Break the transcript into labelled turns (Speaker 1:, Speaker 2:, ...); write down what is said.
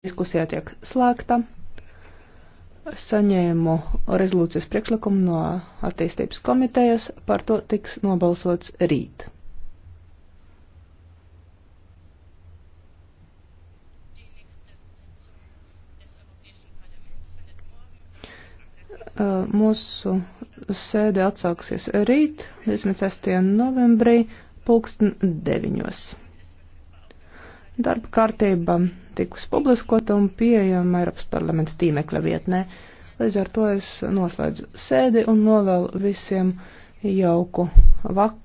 Speaker 1: Diskusija tiek slēgta. Saņēmu rezolūcijas priekšlikumu no attīstības komitejas, par to tiks nobalsots rīt. Uh, mūsu sēde atsāksies rīt, 26. novembrī, pulksten deviņos. Darba kārtība tikus publiskota un pieejama Eiropas parlamenta tīmekļa vietnē. Līdz ar to es noslēdzu sēdi un novēlu visiem jauku vakaru.